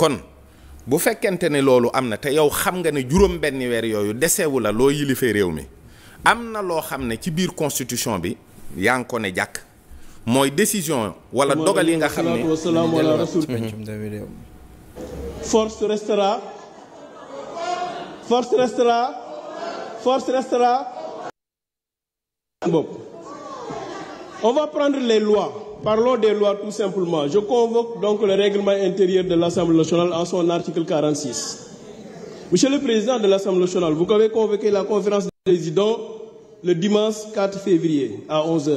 kon bu fekkente ne loolu am na te yow xam nga ne juróom-benni weer yooyu desewu la loo yilifee réew mi am na loo xam ne ci biir constitution bi yaa ngi ko ne jàkk mooy décision wala dogal yi nga xam ne force restera force restera Parlons des lois tout simplement. Je convoque donc le règlement intérieur de l'Assemblée nationale en son article 46. Monsieur le Président de l'Assemblée nationale, vous avez convoqué la conférence des présidents le dimanche 4 février à 11h.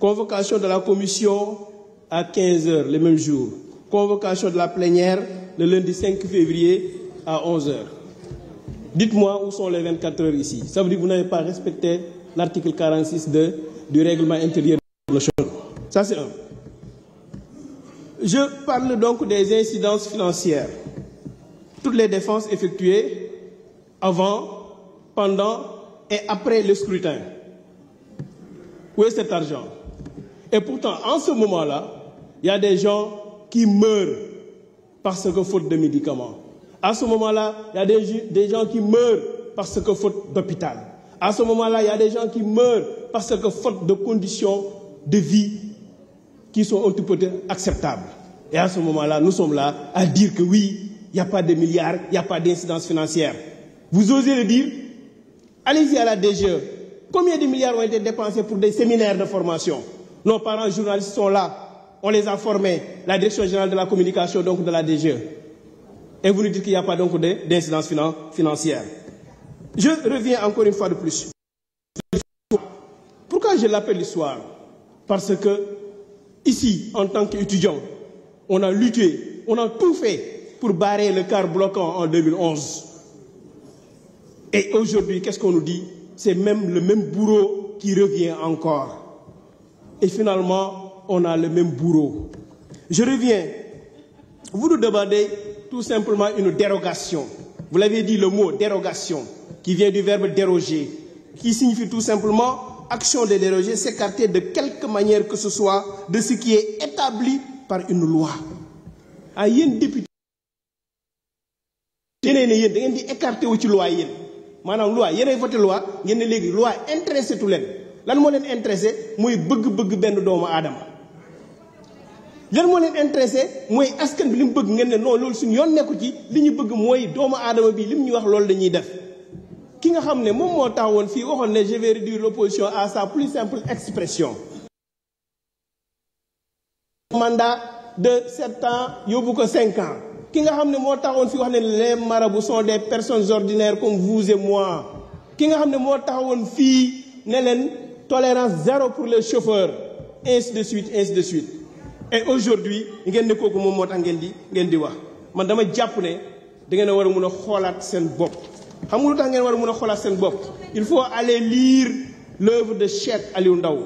Convocation de la commission à quinze h le même jour. Convocation de la plénière le lundi 5 février à 11h. Dites-moi où sont les 24 heures ici. Ça veut dire que vous n'avez pas respecté l'article 46 de, du Ça, c'est un. Je parle donc des incidences financières. Toutes les défenses effectuées avant, pendant et après le scrutin. Où est cet argent Et pourtant, en ce moment-là, il y a des gens qui meurent parce que faute de médicaments. À ce moment-là, il y a des, des, gens qui meurent parce que faute d'hôpital. À ce moment-là, il y a des gens qui meurent parce que faute de conditions de vie qui sont un tout peu acceptables. Et à ce moment-là, nous sommes là à dire que oui, il a pas de milliards, il a pas d'incidence financière. Vous osez le dire Allez-y à la DGE. Combien de milliards ont été dépensés pour des séminaires de formation Nos parents journalistes sont là. On les a formés. La Direction générale de la communication, donc de la DGE. Et vous nous dites qu'il n'y a pas donc d'incidence financière. Je reviens encore une fois de plus. Pourquoi Ici, en tant qu'étudiant, on a lutté, on a tout fait pour barrer le quart bloquant en 2011. Et aujourd'hui, qu'est-ce qu'on nous dit C'est même le même bourreau qui revient encore. Et finalement, on a le même bourreau. Je reviens. Vous nous demandez tout simplement une dérogation. Vous l'avez dit, le mot dérogation, qui vient du verbe déroger, qui signifie tout simplement action de déroger s'écarter de quelque manière que ce soit de ce qui est par une loi ay ah, yéen député yenee ne yéen da ngeen di écarté wu ci loi yéen maanaam loi yéenay voté loi ngeen ne léegi loi intéressé tu leen lan moo leen intéressé mooy bëgg-bëgg benn doomu aadama lan moo leen intéressé mooy askan bi li mu bëgg ngeen ne non loolu suñu yoon nekku ci li ñu bëgg mooy doomu aadama bi li mu ñu wax loolu la def ki nga xam ne moom moo taxawoon fii waxoon ne je vais réduire à sa plus simple expression mandat de sept ans ko cinq ki nga xam ne moo taxawoon fii wax ne les bu sont des personnes ordinaires comme vous et moi ki nga xam ne moo taxawoon fii ne leen tolérance zéro pour les chauffeurs ainsi de suite ainsi de suite et aujourd'hui ngeen ne kooku moom moo tax ngeen di ngeen di wax man dama jàpp ne da ngeen a war a mun a xoolaat seen bopp xam nga tax ngeen war a mun a xoolaat seen bopp il faut aller lire l'œuvre de Cheikh Aliou ndaw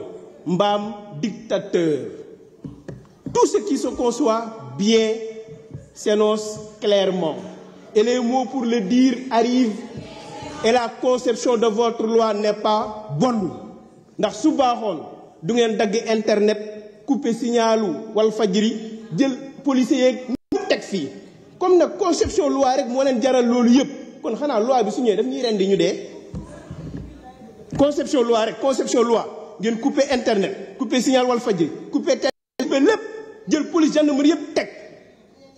mbaam dictateur tout ce qui se conçoit bien s'énonce clairement et les pour le dire arrivent et la conception de votre loi n'est pas bonne ndax su baaxoon du ngeen dagg internet couper signalu Walfadjri jël policier yeeg mu teg fii comme nag conception loi rek moo leen jaral loolu yëpp kon xanaa loi bi su ñëwee daf ñuy rendi ñu dee conception loi rek conception loi ngeen couper internet couper signal Walfadjri couper télé couper lépp jël police gendarmerie yëpp teg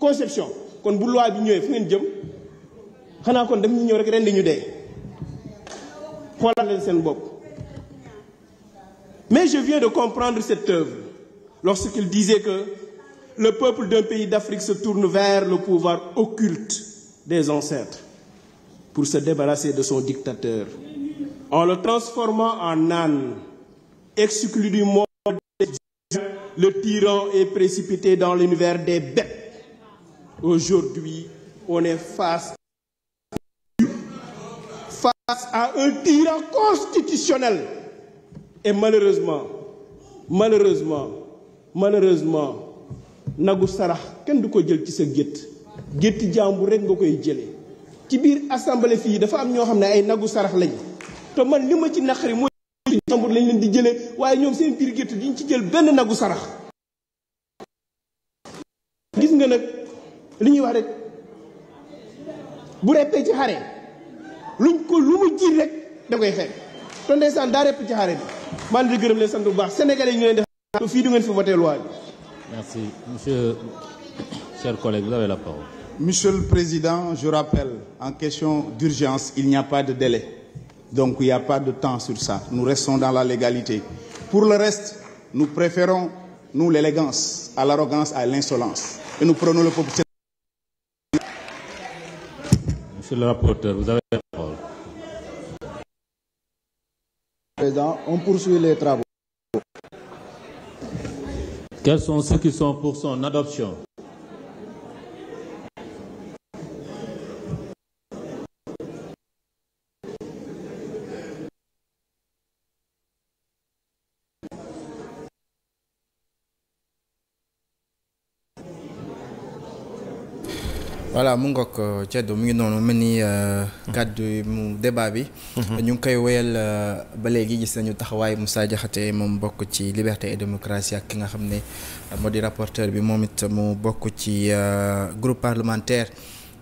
conception kon bu loi bi ñëwee fu ngeen jëm xanaa kon daf ñuy ñëw rek rendi ñu dee xoolal leen seen bopp mais je viens de comprendre cette œuvre lorsqu'il disait que le peuple d'un pays d'Afrique se tourne vers le pouvoir occulte des ancêtres pour se débarrasser de son dictateur. En le transformant en âne, exclu du monde des dieux, le tyran est précipité dans l'univers des bêtes. Aujourd'hui, on est face face à un tyran constitutionnel. Et malheureusement, malheureusement, nagu sarax kenn du ko jël ci sa gétt gétti jàmbur rekk nga koy jële ci biir assemblée fii dafa am ñoo xam ne ay nagu sarax lañ te man li ma ci naqari mooy tambour lañ leen di jëlee waaye ñoom seen biir gétt ñu ci jël benn nagu sarax gis nga nag li ñuy wax rek bu reppee ci xare luñ ko lu mu jiir rek da koy fekk te ndeysaan daa repp ci xare bi maa ngi gërëm leen sant bu baax sénégalais yi ñu leen def fii du ngeen fi voté loi bi merci monsieur Monsieur le Président, je rappelle, en question d'urgence, il n'y a pas de délai. Donc il n'y a pas de temps sur ça. Nous restons dans la légalité. Pour le reste, nous préférons, nous, l'élégance à l'arrogance, à l'insolence. Et nous prenons le peuple. Monsieur le rapporteur, vous avez la parole. Président, on poursuit les travaux. Quels sont ceux qui sont pour son voilà mu ngoog euh, Ceddo mu ngi noonu mel ni euh, mm-hmm. kàddu mu débat bi. Mm-hmm. ñu ngi koy wéyal euh, ba léegi gis nañu taxawaay musaa Diakhaté moom bokk ci liberté et démocratie ak ki nga xam ne moo di rapporteur bi moom it mu bokk ci groupe parlementaire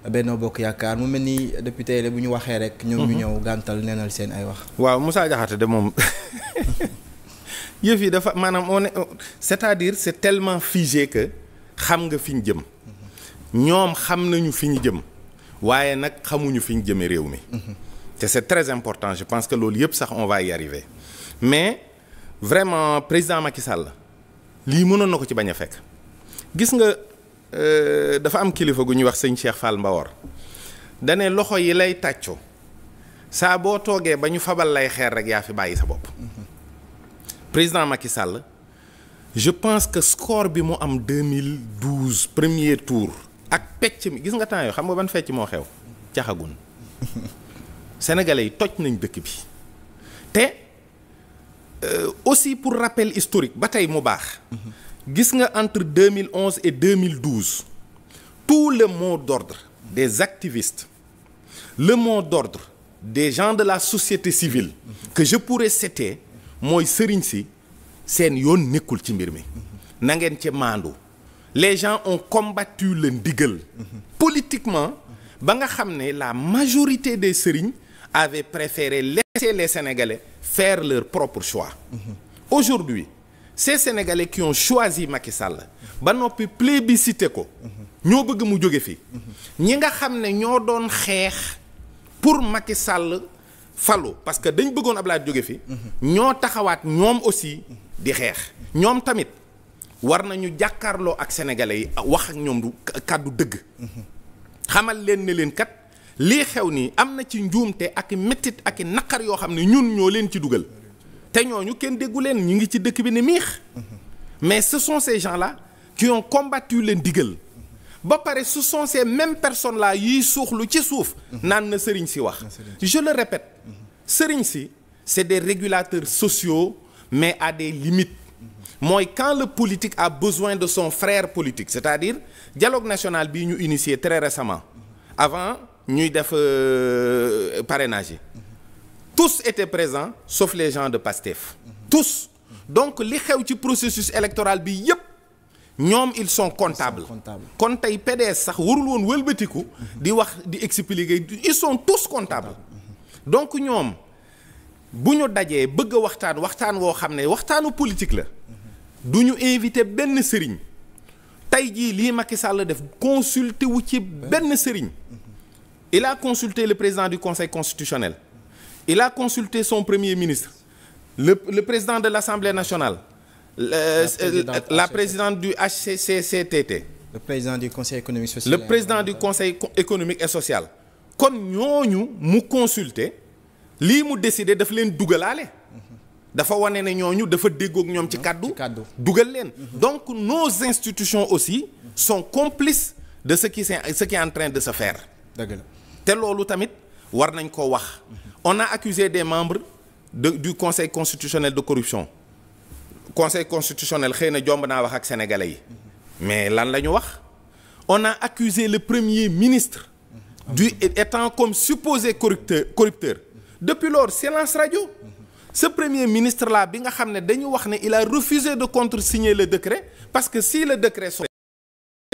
Benno Bokk Yaakaar mu mel ni député la bu ñu waxee rek. ñoom ñu mm-hmm. ñëw gàntal neenal seen ay wax. waaw Moussa Diakhaté de moom yëf yi dafa maanaam on est c'est-à-dire c'est xam nga fi ñu jëm. ñoom xam nañu fi ñu jëm waaye nag xamuñu fi ñu jëmee réew mi. Mhm. te c'est très important je pense que loolu yëpp sax on va y arriver mais vraiment président Macky Sall lii mënoon na ko ci bañ a fekk gis nga euh, dafa am kilifa gu ñuy wax sëñ Cheikh Fall Mbawor dane loxo yi lay tàccu saa boo toogee ba ñu fabal lay xeer rek yaa fi bàyyi sa bopp mhm. président Macky Sall je pense que score bi mu am 2012 premier tour. ak pecc mi gis nga temps yoo xam nga ban fecc moo xew caxagun sénégalais yi toj nañ dëkk bi te euh, aussi pour rappel historique ba tey mu baax gis nga entre 2011 et 2012 tout le mot d'ordre des activistes le mot d'ordre des gens de la société civile que je pourrais citer mooy sëriñ si seen yoon nekkul ci mbir mi na ngeen ci maandu les gens ont combattu le ndigal politiquement ba nga xam ne la majorité des sëriñ avait préféré laisser les Sénégalais faire leur propre choix aujourd'hui ces Sénégalais qui ont choisi Macky Sall ba noppi plébiscité ko ñoo bëgg mu jóge fi ñi nga xam ne ñoo doon xeex pour Macky Sall falu parce que dañ bëggoon laa jóge fi ñoo taxawaat ñoom aussi di xeex ñoom tamit war nañu jàkkaarloo ak sénégalais yi wax ak ñoom du kàddu dëgg xamal leen ne leen kat lii xew nii am na ci njuumte ak méttit ak i naqar yoo xam ne ñun ñoo leen ci dugal te ñooñu kenn déggu leen ñu ngi ci dëkk bi ne miix mais ce sont ces gens là qui ont combattu leen digal ba pare ce sont ces mêmes personnes là yiy suuxlu ci suuf naan na sëriñ si wax je le répète sëriñ si c'est des régulateurs sociaux mais à des limites mooy quand le politique a besoin de son frère politique c'est-à-dire dialogue national bii ñu initié très récemment avant ñuy def euh, parrainage tous étaient présents sauf les gens de PASTEF tous donc li xew ci processus électoral bi yépp ñoom ils sont comptables kon tey PDS sax warul woon wëlbatiku di wax di expliquer ils sont tous comptables donc ñoom bu ñu dajee bëgg waxtaan waxtaan woo xam ne waxtaanu politique la du ñu invité benn sëriñ tey jii lii Macky Sall def consulté wu ci benn sëriñ il a consulté le président du conseil constitutionnel il a consulté son premier ministre le le président de l'assemblée nationale. la euh, présidente euh, la présidente du HCCCT. le président du conseil le président du conseil économique et social. kon ñooñu mu consulter. lii mu décidé daf leen dugalaale dafa wane ne ñooñu dafa déggoog ñoom ci mm-hmm. kàddu dugal leen mm-hmm. donc nos institutions aussi sont complices de ce qui ce qui en train de se faire te loolu tamit war nañ ko wax mm-hmm. on a accusé des membres de du conseil constitutionnel de corruption conseil constitutionnel xëy na jomb naa wax ak sénégalais yi mais lan la ñu wax on a accusé le premier ministre du étant comme supposé corrupteur corrupteur depuis lors silence rajo ce premier ministre la bi nga xam ne dañu wax ne il a refusé de contresigner la décret parce que si le décret so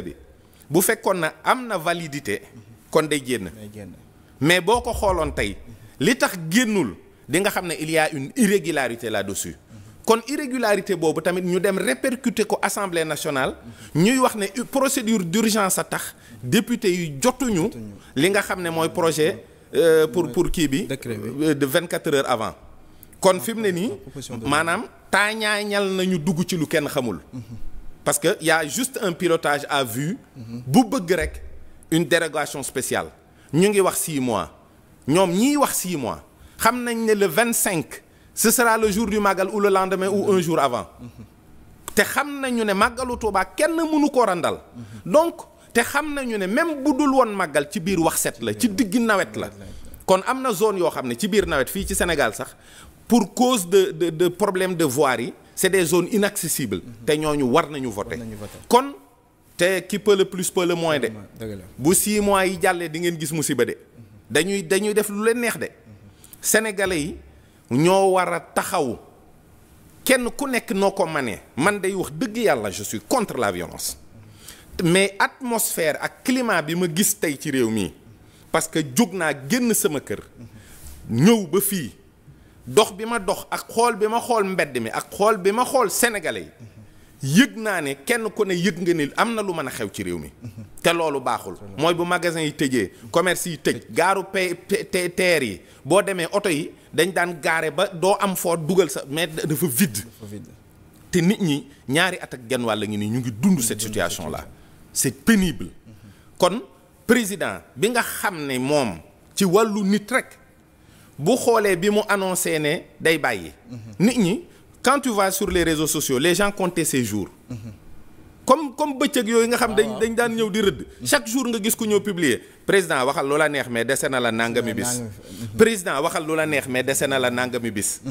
bi bu fekkoon na am na validité kon day génn mais boo ko xooloon tey li tax génnul di nga xam ne il y a une irrégularité là-dessus kon irrégularité boobu tamit ñu dem répercuter ko assemblée nationale ñuy wax ne procédure d'urgence a tax député yu jotuñu li nga xam ne mooy projet Euh, pour pour kii bi. Euh, de vingt quatre heures avant. kon fi mu ne nii ah, maanaam taañaañal nañu dugg ci lu kenn xamul. Mhm. parce que y juste un pilotage à vue. Mhm. bu bëgg rek une dérogation spéciale. ñu ngi wax six mois ñoom ñiy wax six mois xam nañ ne le vingt cinq ce sera le jour du màggal ou le lendemain ou un jour avant. Mhm. te xam nañu ne màggalu Tuubaa kenn mënu ko randal donc. te xam nañu ne même bu dul woon màggal ci biir wax set la ci digg nawet la kon am na zone yoo xam ne ci biir nawet fii ci Sénégal sax pour cause de de de problème de voirie yi c'est des zones inaccessibles mhm. te ñu war nañu voter kon te qui peut plus peut le moins de bu six mois yi jàllee di ngeen gis musiba de mhm. dañuy dañuy def lu leen neex de sénégalais yi ñoo war a taxaw kenn ku nekk noo ko manee man day wax dëgg yàlla je suis contre la violence mais atmosphère ak climat bi ma gis tey ci réew mi parce que jóg naa génn sama kër ñëw ba fii dox bi ma dox ak xool bi ma xool mbedd mi ak xool bi ma xool sénégalais yi yëg naa ne kenn ku ne yëg nga ni am na lu mën a xew ci réew mi te loolu baaxul mooy bu magasin yi tëjee commerce yi tëj gaaru pe teer yi boo demee oto yi dañ daan gaare ba doo am foo dugal sa mais dafa vide te nit ñi ñaari at ak genn wàll ngi nii ñu ngi dund cette situation là c'est pénible kon président bi nga xam ne moom ci wàllu nit rek bu xoolee bi mu annoncé ne day bàyyi. nit ñi quand tu vas sur les réseaux sociaux les gens comptent ses jours. comme comme bëccëg yooyu nga xam dañ dañ daan ñëw di rëdd chaque jour nga gis ku ñëw publier président waxal loola neex mais dese na la nangami bis mhm. président waxal la neex mais dese na la nangami bis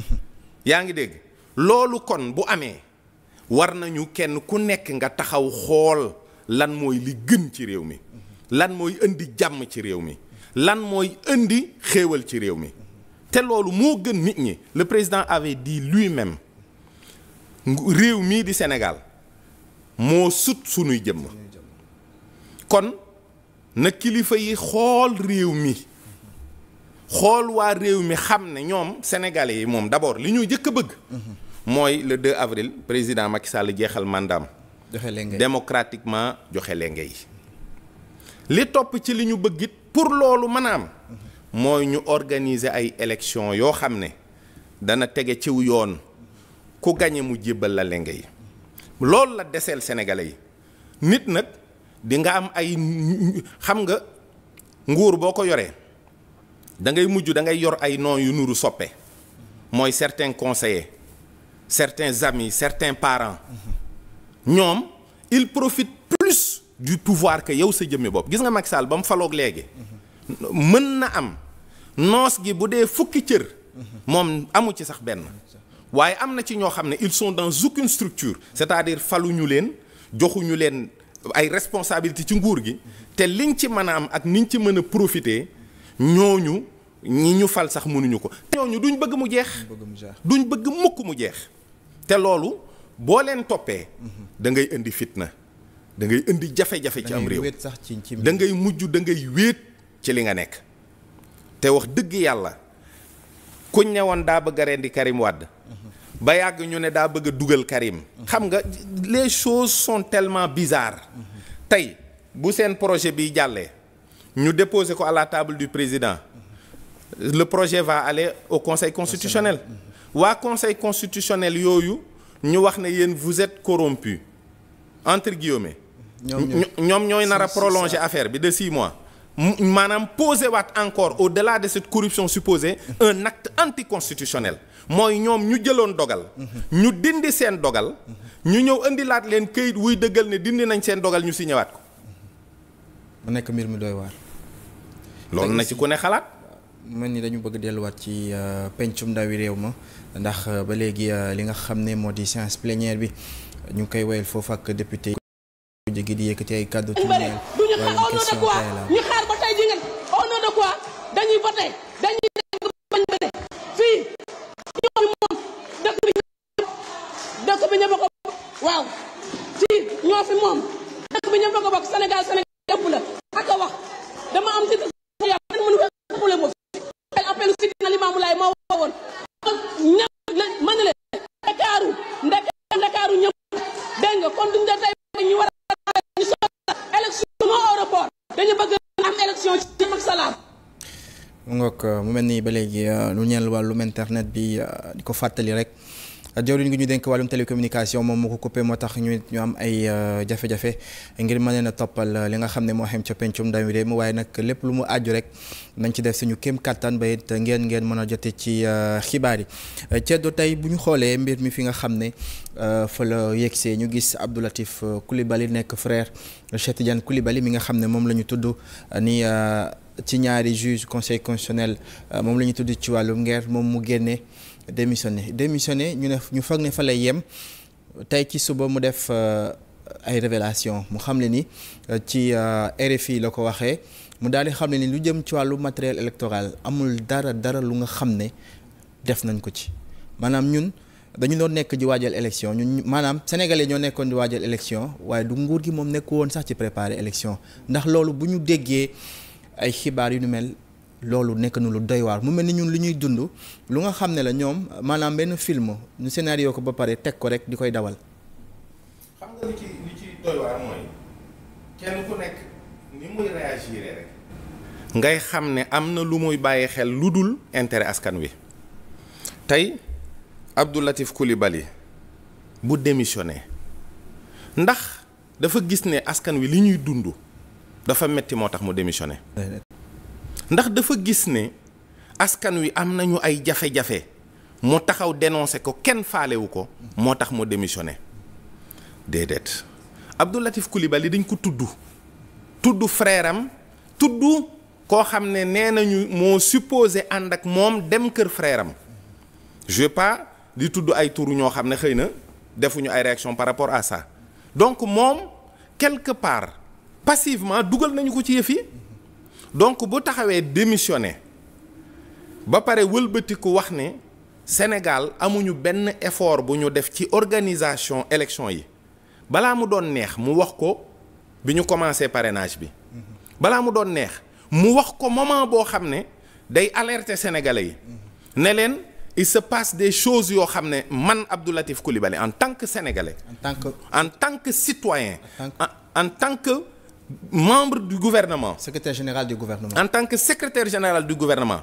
yaa ngi dégg loolu kon bu amee war nañu kenn ku nekk nga taxaw xool lan mooy li gën ci réew mi lan mooy indi jàmm ci réew mi lan mooy indi xéewal ci réew mi te loolu moo gën nit ñi le président ave dit lui-même réew mii di Sénégal moo sut sunuy jëmm kon na kilifa yi xool réew mi xool waa réew mi xam ne ñoom sénégalais yi moom d'abord li ñu njëkk a bëgg mm-hmm. mooy le 2 avril président Macky Sall jeexal mandam joxe lenge démocratiquement joxe lenge yi li topp ci li ñu bëgg it pour loolu mën a am mooy ñu organiser ay élection yoo xam ne dana tege ciw yoon ku gañe mu jébbal la lenge yi loolu la deseel sénégalais yi nit nag di nga am ay xam nga nguur boo ko yoree da ngay mujj da ngay yor ay noon yu nuru soppe mooy certains conseillers certains amis certains parents ñoom il profite plus du pouvoir que yow sa jëmmi bopp gis nga mag saal ba mu faloog léegi mën na am noos gi bu dee fukki cër moom amu ci sax benn waaye am na ci ñoo xam ne ils sont dans aucune structure cest à falu ñu leen joxuñu leen ay responsabilité ci nguur gi te liñ ci mën a am ak niñ ci mën a profiter ñooñu ñi ñu fal sax mënuñu ko ñooñu duñ bëgg mu jeex duñ bëgg mukk mu jeex te loolu boo leen toppee da ngay indi fitna da ngay indi jafe-jafe ci am réew da ngay mujj dangay ngay wéet ci li nga nekk te wax dëgg yàlla kuñ ne woon daa bëgg a rendi Karim Wade ba yàgg ñu ne daa bëgg a dugal Karim xam nga les choses sont tellement bizarres tey bu seen projet bi jàllee ñu déposer ko à la table du président le projet va aller au conseil constitutionnel waa conseil constitutionnel yooyu ñu wax ne yéen vous êtes corrompu entre guillemets. ñoom ñooy nar a affaire bi de six mois. maanaam posé waat encore au-delà de cette corruption supposée un acte anticonstitutionnel mooy ñoom ñu jëloon dogal ñu dindi seen dogal ñu ñëw indilaat leen këyit wuy dëggal ne dindi nañ seen dogal ñu si ñëwaat ko mu nekk mbir mi doy waar loolu na ci ku ne xalaat mën ni dañu bëgg delluwaat ci euh, pencum ndawi réew ma ndax euh, ba léegi euh, li nga xam ne moo di séance plénière bi ñu ngi koy woyal foofu ak député jigi kàddu ñu xaar ba tey ji ngeen ñoo fi moom dëkk bi ñëpp ko waaw fii ñoo fi moom dëkk bi ñëpp ko bokk Sénégal Sénégal yëpp la ak a wax dama am ci donc euh, mu mel nii ba léegi euh, lu ñeel wàllum internet bi euh, di ko fàttali rek jawriñ gi ñu dénk wàllum télécommunication moom moo ko coupé moo tax ñu ñu am ay jafe-jafe ngir mën leen a toppal li nga xam ne moo xem ca pencum ndawi réew waaye nag lépp lu mu àjju rek nañ ci def suñu kéem kattan ba ngeen ngeen mën a jote ci xibaar yi ceddo tey bu ñu xoolee mbir mi fi nga xam ne fa la yegsee ñu gis Abdou Latif Coulibaly nekk frère Cheikh mi nga xam ne moom la ñu tudd ni ci ñaari juge conseil constitutionnel euh, moom la ñu tudd ci wàllu ngeer moom mu génne démissionné démissionné ñu ne ñu foog ne fa lay yem tey ci suba mu def euh, ay révélation mu xam ne ni euh, ci RFI la ko waxee mu daal di xam ne ni lu jëm ci wàllu matériel électoral amul dara dara lu nga xam ne def nañ ko ci maanaam ñun dañu doon nekk di waajal élection ñun maanaam sénégalais ñoo nekkoon di waajal élection waaye du nguur gi moom nekk woon sax ci préparer élection ndax loolu ay xibaar yu nu mel loolu nekk na lu doy mu mel ni ñun li ñuy dund lu nga xam ne la ñoom maanaam benn film nu scénario ko ba pare teg ko rek di koy dawal. ngay xam ne am na lu muy bàyyi xel lu dul intérêt askan wi tey Abdou Latif Coulibaly bu démissionné ndax dafa gis ne askan wi li ñuy dund. dafa metti moo tax mu démissionné ndax dafa gis ne askan wi am nañu ay jafe-jafe mu taxaw dénoncé ko kenn faalewu ko moo tax mu démissionné déedéet Abdou Latif Coulibaly dañ ko tudd tudd freeram am tudd koo xam ne nee nañu moo supposé ànd ak moom dem kër frère am je pas di tudd ay turu ñoo xam ne xëy na defuñu ay réaction par rapport à sa donc moom quelque part passivement dugal nañu ko ci yëf yi donc bu taxawee démissionné ba pare wëlbatiku wax ne Sénégal amuñu benn effort bu ñu def ci organisation élection yi balaa mu doon neex mu wax ko bi ñu commencé parrainage bi balaa mu doon neex mu wax ko moment boo xam ne day alerte sénégalais yi ne leen il se passe des choses yoo xam ne man Abdou Latif Coulibaly en tant que sénégalais en tant en tant que citoyen en tant que membre du gouvernement. secrétaire général du gouvernement. en tant que secrétaire général du gouvernement